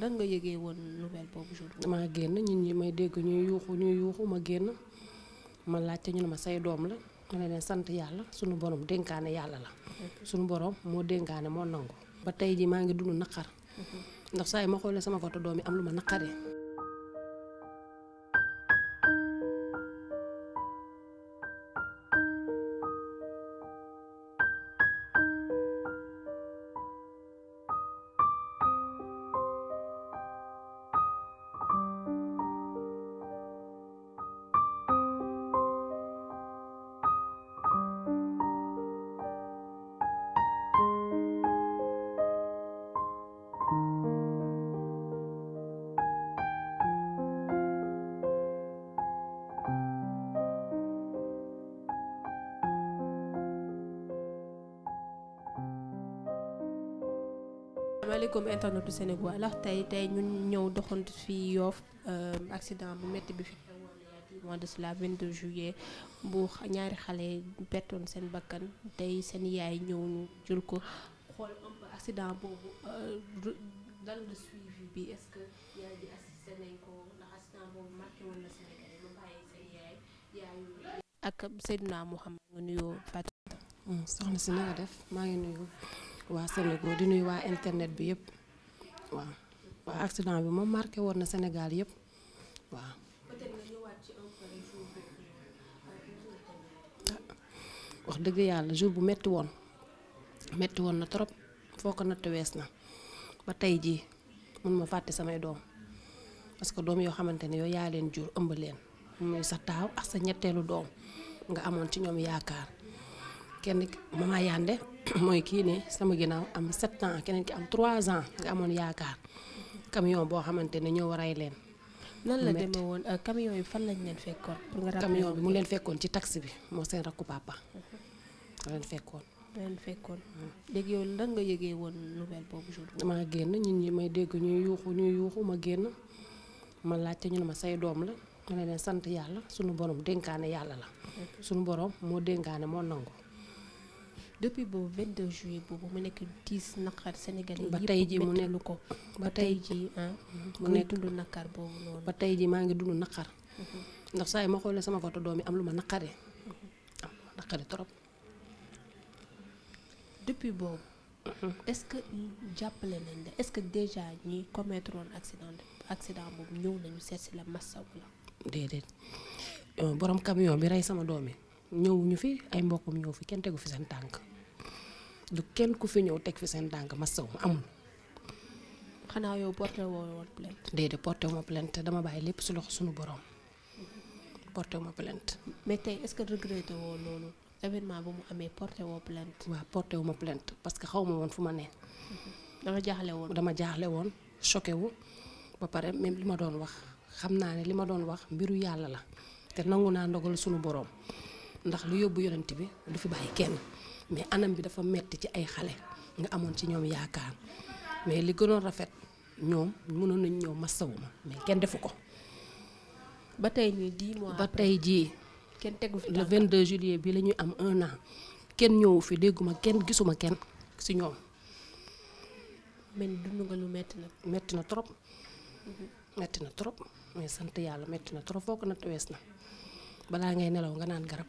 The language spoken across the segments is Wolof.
lan nga yëgee woon nouvelle boobu jour maa génn ñi may dégg ñuy yuuxu ñuy yuuxu ma génn ma laajte ñu ne ma say doom la ma leen sant yàlla sunu borom dénkaane yàlla la sunu borom moo dénkaane moo nangu ba tey ji maa ngi dund naqar mhm. ndax saa yi ma xoolee sama photo doom yi am lu ma naqaree maaleykum internetu Sénégal ndax tey tey ñun ñëw doxantu fii Yoff euh, accident bu métti bi fi mois de cela 22 juillet bu ñaari xale bettoon seen bakkan tey seen yaay ñëw ñu jël ko xool un peu euh, ce que yaay ji assisté nañ ko mm, soxna si na def maa ngi nuyu waa Sénégal di nuyu waa internet bi yépp waaw waa accident bi moom marqué woon na Sénégal yëpp waaw. wax dëgg yàlla jour bu metti woon metti woon na trop foo ko natt wees na ba tey jii mun ma fàtte samay doom parce que doom yoo xamante ne yow yaa leen jur ëmb leen muy sa taaw ak sa ñetteelu doom nga amoon ci ñoom yaakaar. kenn mama Yande mooy kii ne sama ginnaaw am 7 ans keneen ki am trois ans nga amoon yaakaar camion boo xamante ne ñoo waray leen. nan la demee woon kamiyon euh, yi fan lañ leen fekkoon. pour nga camion bi mu leen fekkoon ci taxi bi moo seen rakku papa. mu mhm. leen fekkoon. fekkoon. Mhm. léegi yow lan nga woon nouvelle boobu jour damaa génn ñun ñi may dégg ñuy yuuxu ñuy yuuxu ma génn ma laajte ñu ne ma say doom la ma ne sant yàlla sunu borom dénkaane yàlla la. sunu borom moo dénkaane moo nangu. depuis boobu 22 juillet boobu mu nekk diis naqar Sénégal ba tey jii mu nekk lu ko ba tey jii ah. mu nekk dund naqar boobu noonu. ba tey jii maa ngi dund naqar. Mhm. ndax saa yi ma xoolee sama photo doom yi am lu ma naqaree. am lu ma naqaree trop. depuis boobu. Mhm. est-ce que jàppale nañ la est-ce que déjà ñi commettre woon accident accident boobu ñëw nañu seet si la massa wala. déedéet euh, borom camion bi rey sama doom yi ñëwuñu fi ay mbokkam ñëw fi kenn tegu fi seen tànk du kenn ku fi ñëw teg fi seen tànk ma amul. xanaa yow porté woo woon plainte. déedéet porté wu dama bàyyi lépp si loxo suñu borom porté wu ma mais tey est-ce que regretté woo loolu événement mu amee porté woo plainte. porté wu ma plainte parce que xaw ma woon fu ma ne. dama jaaxle woon dama jaaxle woon choqué wu ba pare même li ma doon wax xam naa ne li ma doon wax mbiru yàlla la te nangu naa ndogal suñu borom. ndax lu yóbbu yonent bi du fi bàyyi kenn mais anam bi dafa metti ci ay xale nga amoon ci ñoom yaakaar mais li gënoon rafet ñoom mënoon nañ ñëw masawu ma mais kenn defu ko. ba tey nii dix ba tey jii. kenn tegu fi vingt 22 juillet bi la am un an kenn ñëwu fi dégguma kenn gisuma kenn si ñoom. mel dund nga lu metti na. metti na trop. Mhm. metti na trop mais sant yàlla metti na trop foo ko natt wees na balaa ngay nelaw nga naan garab.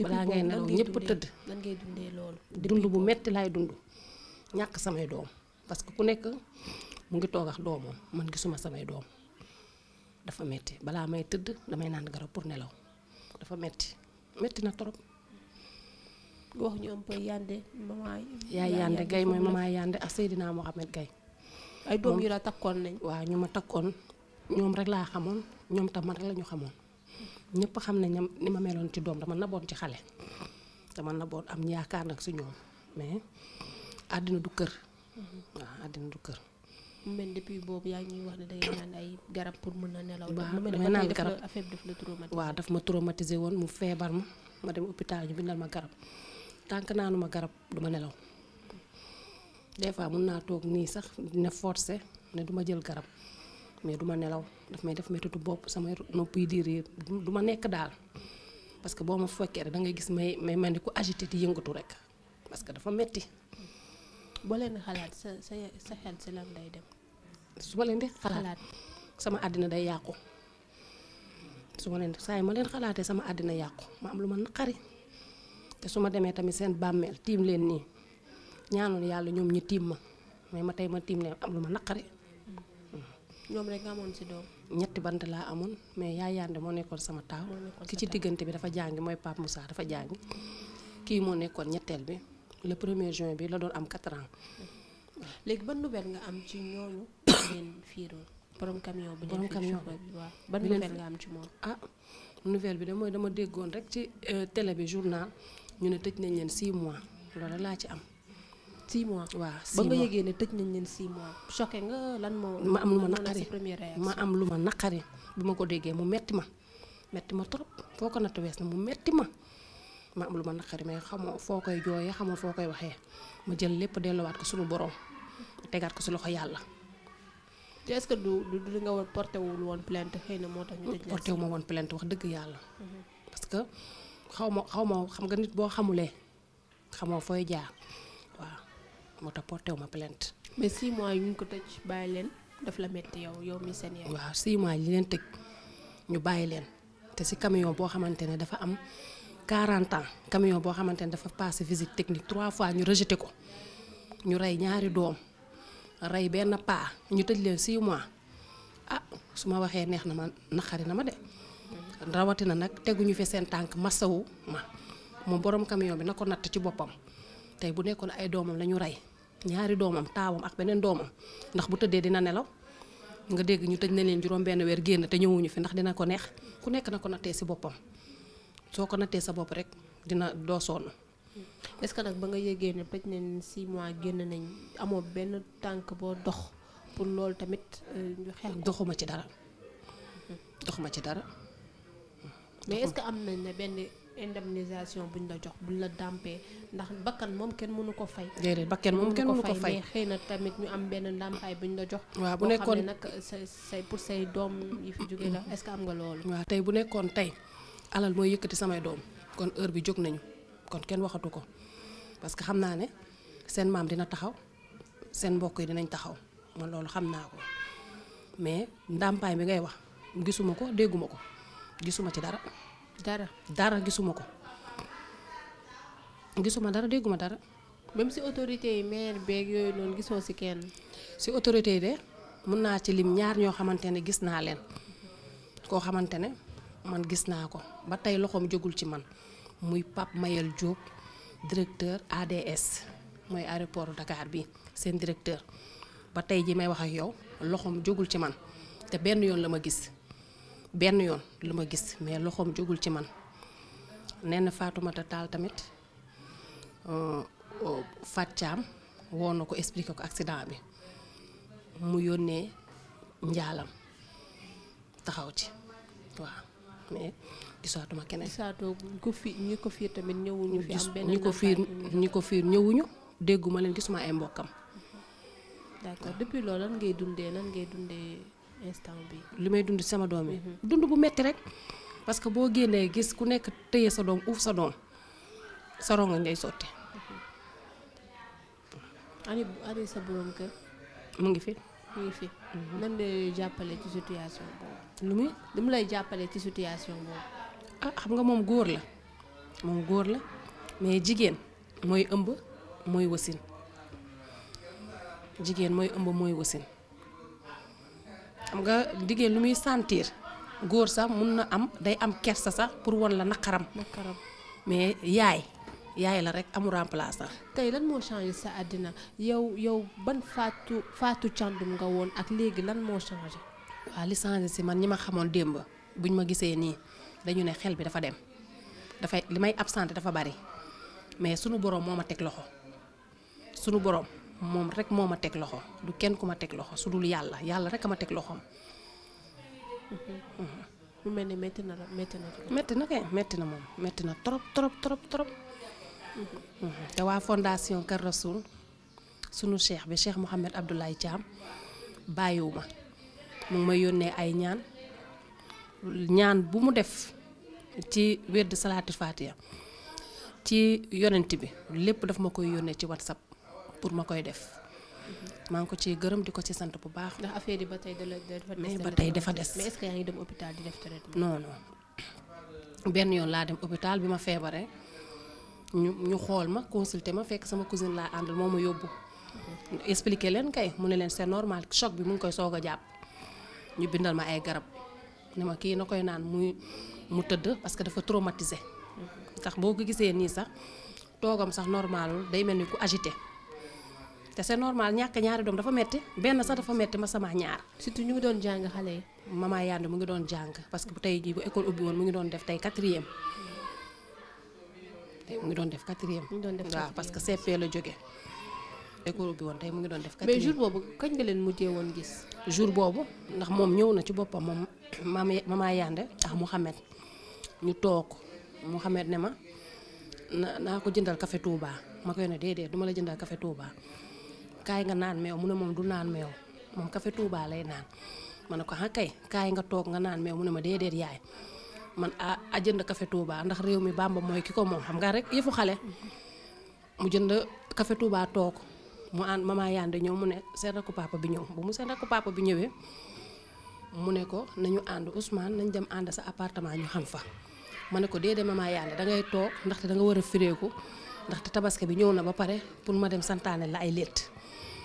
balaa ngay nelaw ñëpp tëdd lan ngay dundee loolu dund bu metti laay dund ñàkk samay doom parce que ku nekk mu ngi toog ak doomam man gisuma samay doom dafa metti balaa may tëdd damay naan garab pour nelaw dafa metti metti na torop nga wax ñu am koy yande maman yaay yande gay mooy maman yande ak Seydina Mohamed gay ay doom yu la takkoon nañ waaw ñu ma takkoon ñoom rek laa xamoon ñoom tam man rek la ñu xamoon ñëpp xam ne ñam ni ma meloon ci doom dama naboon ci xale dama naboon am yaakaar nag si ñoom mais àddina du kër. Mm-hmm. waaw àddina du kër. mu mel depuis boobu yaa ngi ñuy wax ne da ngay naan ay garab pour mën a nelaw. waaw damay naan garab affaire daf la traumatisé. waaw daf ma traumatisé woon mu feebar ma ma dem hôpital ñu bindal ma garab tànk naanu ma garab du ma nelaw des fois mun naa toog nii sax dina forcé ne du ma jël garab. mais du ma nelaw daf may def méttitu bopp sama nopp yi di réer du ma nekk daal parce que boo ma fokkee rek da ngay gis may may man di ku agité di yëngatu rek parce que dafa metti boo leen xalaat sa sa sa xel si lan day dem. su ma leen di xalaat sama àddina day yàqu. su ma leen ma leen xalaatee sama àddina yàqu am lu ma naqari te su ma demee tamit seen bàmmeel tiim leen nii ñaanoon yàlla ñoom ñu tiim ma mais ma tey ma tiim leen am lu ma naqari. ñoom rek amoon si doom. ñetti bant laa amoon mais yaay Yande moo nekkoon sama taaw. ki ci diggante bi dafa jàngi mooy mu sax dafa jàngi. kii moo nekkoon ñetteel bi le premier juin bi la doon am 4 ans. léegi ban nouvelle nga am ci ñooñu leen fiiroon borom camion bi borom camion bi waaw ban nouvelle nga am ci moom. ah nouvelle bi de mooy dama déggoon rek ci euh, télé bi journal ñu ne tëj nañ leen 6 mois loolu laa ci am. six mois waaw ba nga yëgee ne tëj nañ leen six mois choqué nga lan moo ma am lu ma naqari ma am lu ma naqari bi ma ko déggee mu metti ma metti ma trop foo ko natt wees na mu metti ma ma am lu ma naqari mais xamoo foo koy jooyee xamoo foo koy waxee ma jël lépp delluwaat ko suñu borom tegaat ko si loxo yàlla te ce que du du nga woon porté wul woon plainte xëy na moo tax ñu ma woon plainte wax dëgg yàlla mm-hmm. parce que xaw ma xaw ma xam nga nit boo xamulee xamoo fooy jaar moo tax porté wu ma plainte. mais 6 mois yu ñu ko tëj bàyyi leen def la métti yow yow mi seen yaay. waaw 6 mois yi leen tëj ñu bàyyi leen te si camion boo xamante ne dafa am 40 ans camion boo xamante ne dafa passé visite technique trois fois ñu rejeté ko ñu rey ñaari doom rey benn paa ñu tëj leen 6 mois ah su ma waxee neex na ma naqari na ma de. rawatina nag teguñu fi seen tànk masawu ma moom borom camion bi na ko natt ci boppam tey bu nekkoon ay doomam la ñu rey. ñaari doomam taawam ak beneen doomam ndax bu tëddee dina nelaw nga dégg ñu tëj na leen juróom benn weer génn te ñëwuñu fi ndax dina ko neex ku nekk na ko nattee si boppam soo ko nattee sa bopp rek dina doo sonn. est-ce que nag ba nga yégee ne tëj nañ 6 mois génn nañ amoon benn tànk boo dox pour loolu tamit ñu euh, xeex doxuma ci dara. Mm-hmm. doxuma ci dara. mais est am nañ ne benn. indemnisation buñ la jox bu ñu la dàmpee ndax bakkan moom kenn mënu ko fay. déedéet bakkan moom kenn mënu ko fay mais xëy na tamit ñu am benn ndàmpaay buñ la jox. waaw bu nekkoon boo nag say say pour say doom yi fi jóge la est-ce am nga loolu. waaw tey bu nekkoon tey alal mooy yëkkati samay doom kon heure bi jóg nañu kon kenn waxatu ko parce que xam naa ne seen maam dina taxaw seen mbokk yi dinañ taxaw man loolu xam naa ko mais ndàmpaay bi ngay wax gisuma ko dégguma ko gisuma ci dara. dara dara gisuma ko gisuma dara dégguma dara. même si autorité yi maire beeg yooyu loolu gisoo si kenn. si autorité yi de mun naa ci lim ñaar ñoo xamante ne gis naa leen koo xamante ne man gis naa ko ba tey loxoom jógul ci man muy Pape Mayel Diop directeur ADS mooy aéroport Dakar bi seen directeur ba tey ji may wax ak yow loxoom jógul ci man te benn yoon la ma gis. benn yoon lu ma gis mais loxoom jógul ci man nee na Fatoumata Tall tamit euh, Fatou Thiam woo na ko expliqué ko accident bi mu yónnee njaalam taxaw ci waaw mais gisaatuma keneen. gisaatoo ko fi ñi ko fiir tamit ñëwuñu. fi am benn ñi ko fiir ñëwuñu dégguma leen gisuma ay mbokkam. d'accord depuis loolu lan ngay dundee lan ngay dundee. instant bi li may dund sama doom yi. Mhm. dund bu metti rek parce que boo génnee gis ku nekk téye sa doom uuf sa doom sa rongoñ lay sotti. Mhm. ani sa borom kër. mu ngi fi. mu ngi fi. Mhm. nan lay jàppale ci situation lu muy lu mu lay jàppalee ci situation boobu. ah xam nga moom góor la moom góor la mais jigéen mooy ëmb mooy wasin jigéen mooy ëmb mooy wasin xam nga jigéen lu muy sentir góor sax mun na am day am kersa sax pour won la naqaram. naqaram mais yaay. yaay la rek amu remplaçant. tey lan moo changé sa àddina yow yow ban faatu faatu càndum nga woon ak léegi lan moo changé. waaw li changé si man ñi ma xamoon démb buñ ma gisee nii dañu ne xel bi dafa dem dafay li may ab absenté dafa bari mais sunu borom moo ma teg loxo sunu borom moom rek moo ma teg loxo du kenn ku ma teg loxo su dul yàlla yàlla rek a ma teg loxoom. mu mel ni métti na la métti na métti na kay métti na moom métti na trop trop trop te waa fondation Kër Rasoul sunu cheikh bi cheikh Mouhamed Abdoulaye Thiam bàyyiwu ma mu ngi yónnee ay ñaan ñaan bu mu def ci wedd salaati faatiya ci yonent bi lépp daf ma koy yónnee ci whatsapp. pour ma koy def maa ngi ko ci gërëm di ko ci sant bu baax. ndax affaire yi ba tey da la dafa des. ba tey dafa des mais est yaa ngi dem hôpital di def traitement. non non benn yoon laa dem hôpital bi ma feebaree ñu ñu xool ma consulter ma fekk sama cousine laa àndal moo ma yóbbu. expliquer leen kay mu ne leen see normal choc bi mu ngi koy soog a jàpp ñu bindal ma ay garab ne ma kii na koy naan muy mu tëdd parce que dafa traumatisé. tax mm-hmm. boo ko gisee nii sax toogam sax normalul day mel ni ku agité. te se normal ñàkk ñaari doom dafa metti benn sax dafa metti ma sama ñaar surtout ñu ngi doon jàng xale yi mama Yande mu ngi doon jàng parce que bu tey jii bu école ubbi woon mu ngi doon def tey quatrième tey mu doon def quatrième waaw parce que CP la jóge école ubbi woon tey mu ngi doon def quatrième mais jour boobu kañ nga leen mujjee woon gis jour boobu ndax moom ñëw na ci boppam moom mama mama Yande ak Mouhamed ñu toog Mouhamed ne ma naa ko jëndal café Touba ma koy ne déedéet duma la jëndal café Touba kaay nga naan meew mu ne moom du naan meew moom café tuubaa lay naan ma ne ko ah kay kaay nga toog nga naan meew mu ne ma déedéet yaay man ah, a jënd kafe tuubaa ndax réew mi Bamba mooy ki ko moom xam nga rek yëfu xale mu jënd café Touba toog mu ànd mama Yande ñëw mu ne seen rakku papa bi ñëw bu mu seen rakku papa bi ñëwee mu ne ko nañu ànd Ousmane nañ dem ànd sa appartement ñu xam fa ma ne ko de mama Yande da ngay toog ndaxte da nga war a firéeku ndaxte tabaski bi ñëw na ba pare pour ma dem santaane la ay létt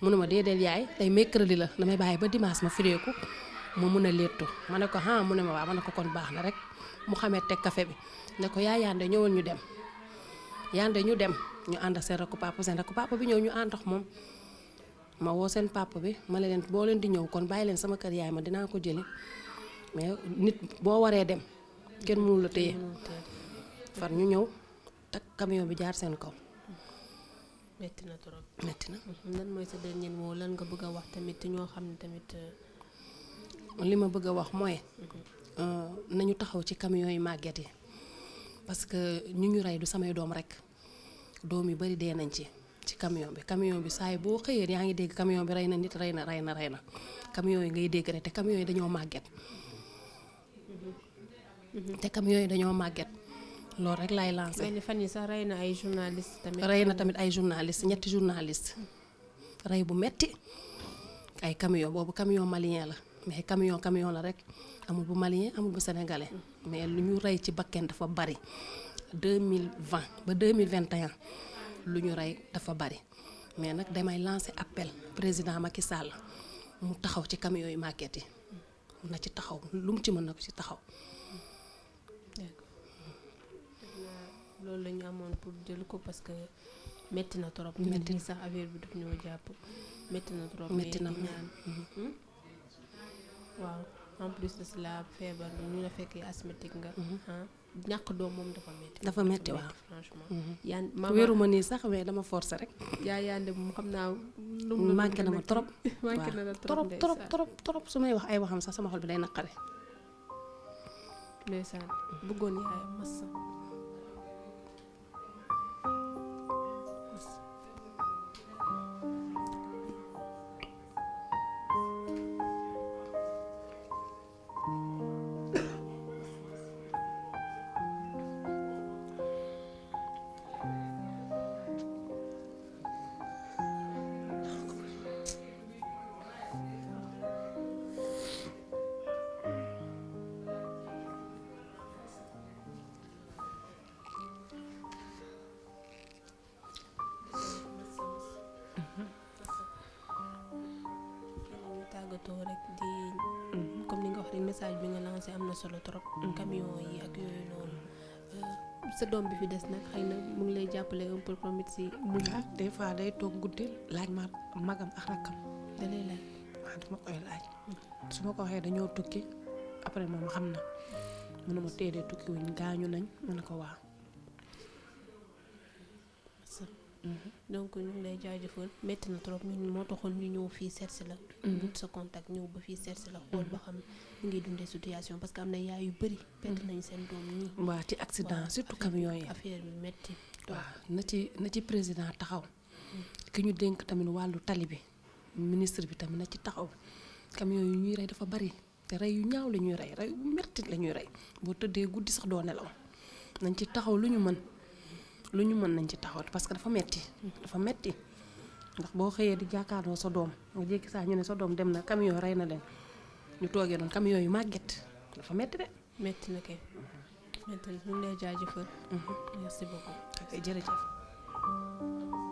mu ne ma déedéel yaay tey mercredi la damay bàyyi ba dimanche ma fireeku ma mun a léttu ma ne ko ah mu ne ma waaw ma ne ko kon baax na rek mu xamee teg café bi ne ko yaay yande ñëwal ñu dem yande ñu dem ñu ànd ak seen rakku papa seen rakku papa bi ñëw ñu ànd ak moom ma woo seen papa bi ma ne leen boo leen di ñëw kon bàyyi leen sama kër yaay ma dinaa ko jëli mais nit boo waree dem kenn mënu la téye far ñu ñëw takk camion bi jaar seen kaw metti na trop metti na. Mhm. lan mooy sa dernier mot lan nga bëgg a wax tamit ñoo xam ne tamit. Euh, li ma bëgg a wax mooy. Mhm. Euh, nañu taxaw ci camion yi màgget yi parce que ñu ñu rey du samay doom rek doom yu bari dee nañ ci ci camion bi camion bi saay boo xëyee yaa ngi dégg camion bi rey na nit rey na rey na rey na camion yi ngay dégg rek te camion yi dañoo màgget. Mhm. te camion yi dañoo màgget loolu rek laay lancé. mel ni fan yi sax rey na ay journaliste tamit. rey na tamit ay journaliste ñetti journaliste rey bu metti ay camion boobu camion malien la mais camion camion la rek amul bu malien amul bu sénégalais mais lu ñu rey ci bakken dafa bari 2020 ba 2021 lu ñu rey dafa bari mais nag damay lancer appel président Macky Sall mu taxaw ci camion yu màgget yi na ci taxaw lu mu ci mën na ko ci taxaw. loolu la amoon pour jël ko parce que métti na trop. métti na sax affaire bi du ñoo jàpp metti na trop. métti na ñaan hmm? waaw en plus de cela feebar bi ñu la fekkee asthmatique nga. Hmm. ñàkk doom moom dafa métti. dafa metti waaw franchement. Hmm. yaan ma wéru ma nii dama forcé rek. yaa yaande mu xam naa. lu na ma trop. manqué na la trop trop trop trop su may wax ay waxam sax sama xol bi day naqare. ndeysaan bëggoon yaayam massa. message bi nga lancé am na solo trop. Mm. camion yi ak yooyu noonu. Euh, sa doom bi fi des nag xëy na mu ngi lay jàppale un peu comme si mu laaj ah, des fois day toog guddeel laaj ma magam ak rakkam. da laaj. waaw ah, dama koy laaj. su ma ko waxee dañoo tukki après moom xam na mënuma teelee tukki wuñ gaañu nañ mën ko waaw. Mm-hmm. donc ñu ngi lay jaajëfal métti na trop ñun moo taxoon ñu ñëw fii seet la. Mm-hmm. wut sa contact ñëw ba fii seet la. xool ba mm-hmm. xam ñu ngi dundee situation parce que am na yaay yu bëri. perte nañ seen doom ñii. waaw ci accident surtout camion yi affaire bi métti. waaw na ci na ci président taxaw. ki ñu dénk tamit wàllu tali bi. ministre bi tamit na ci taxaw camion yu ñuy rey dafa bari te rey yu ñaaw la ñuy rey rey bu métti la ñuy rey boo tëddee guddi sax doo nelaw nañ ci taxaw lu ñu mën. lu ñu mën nañ ci taxaw parce que dafa metti dafa metti ndax boo xëyee di jàkkaarloo sa doom nga jékki saa ñu ne sa doom dem na kamiyo rey na leen ñu toogee noonu kamiyo yu màgget dafa metti de. metti na kay metti na ñu ngi lay jaajëfal. Mm-hmm. merci beaucoup. ok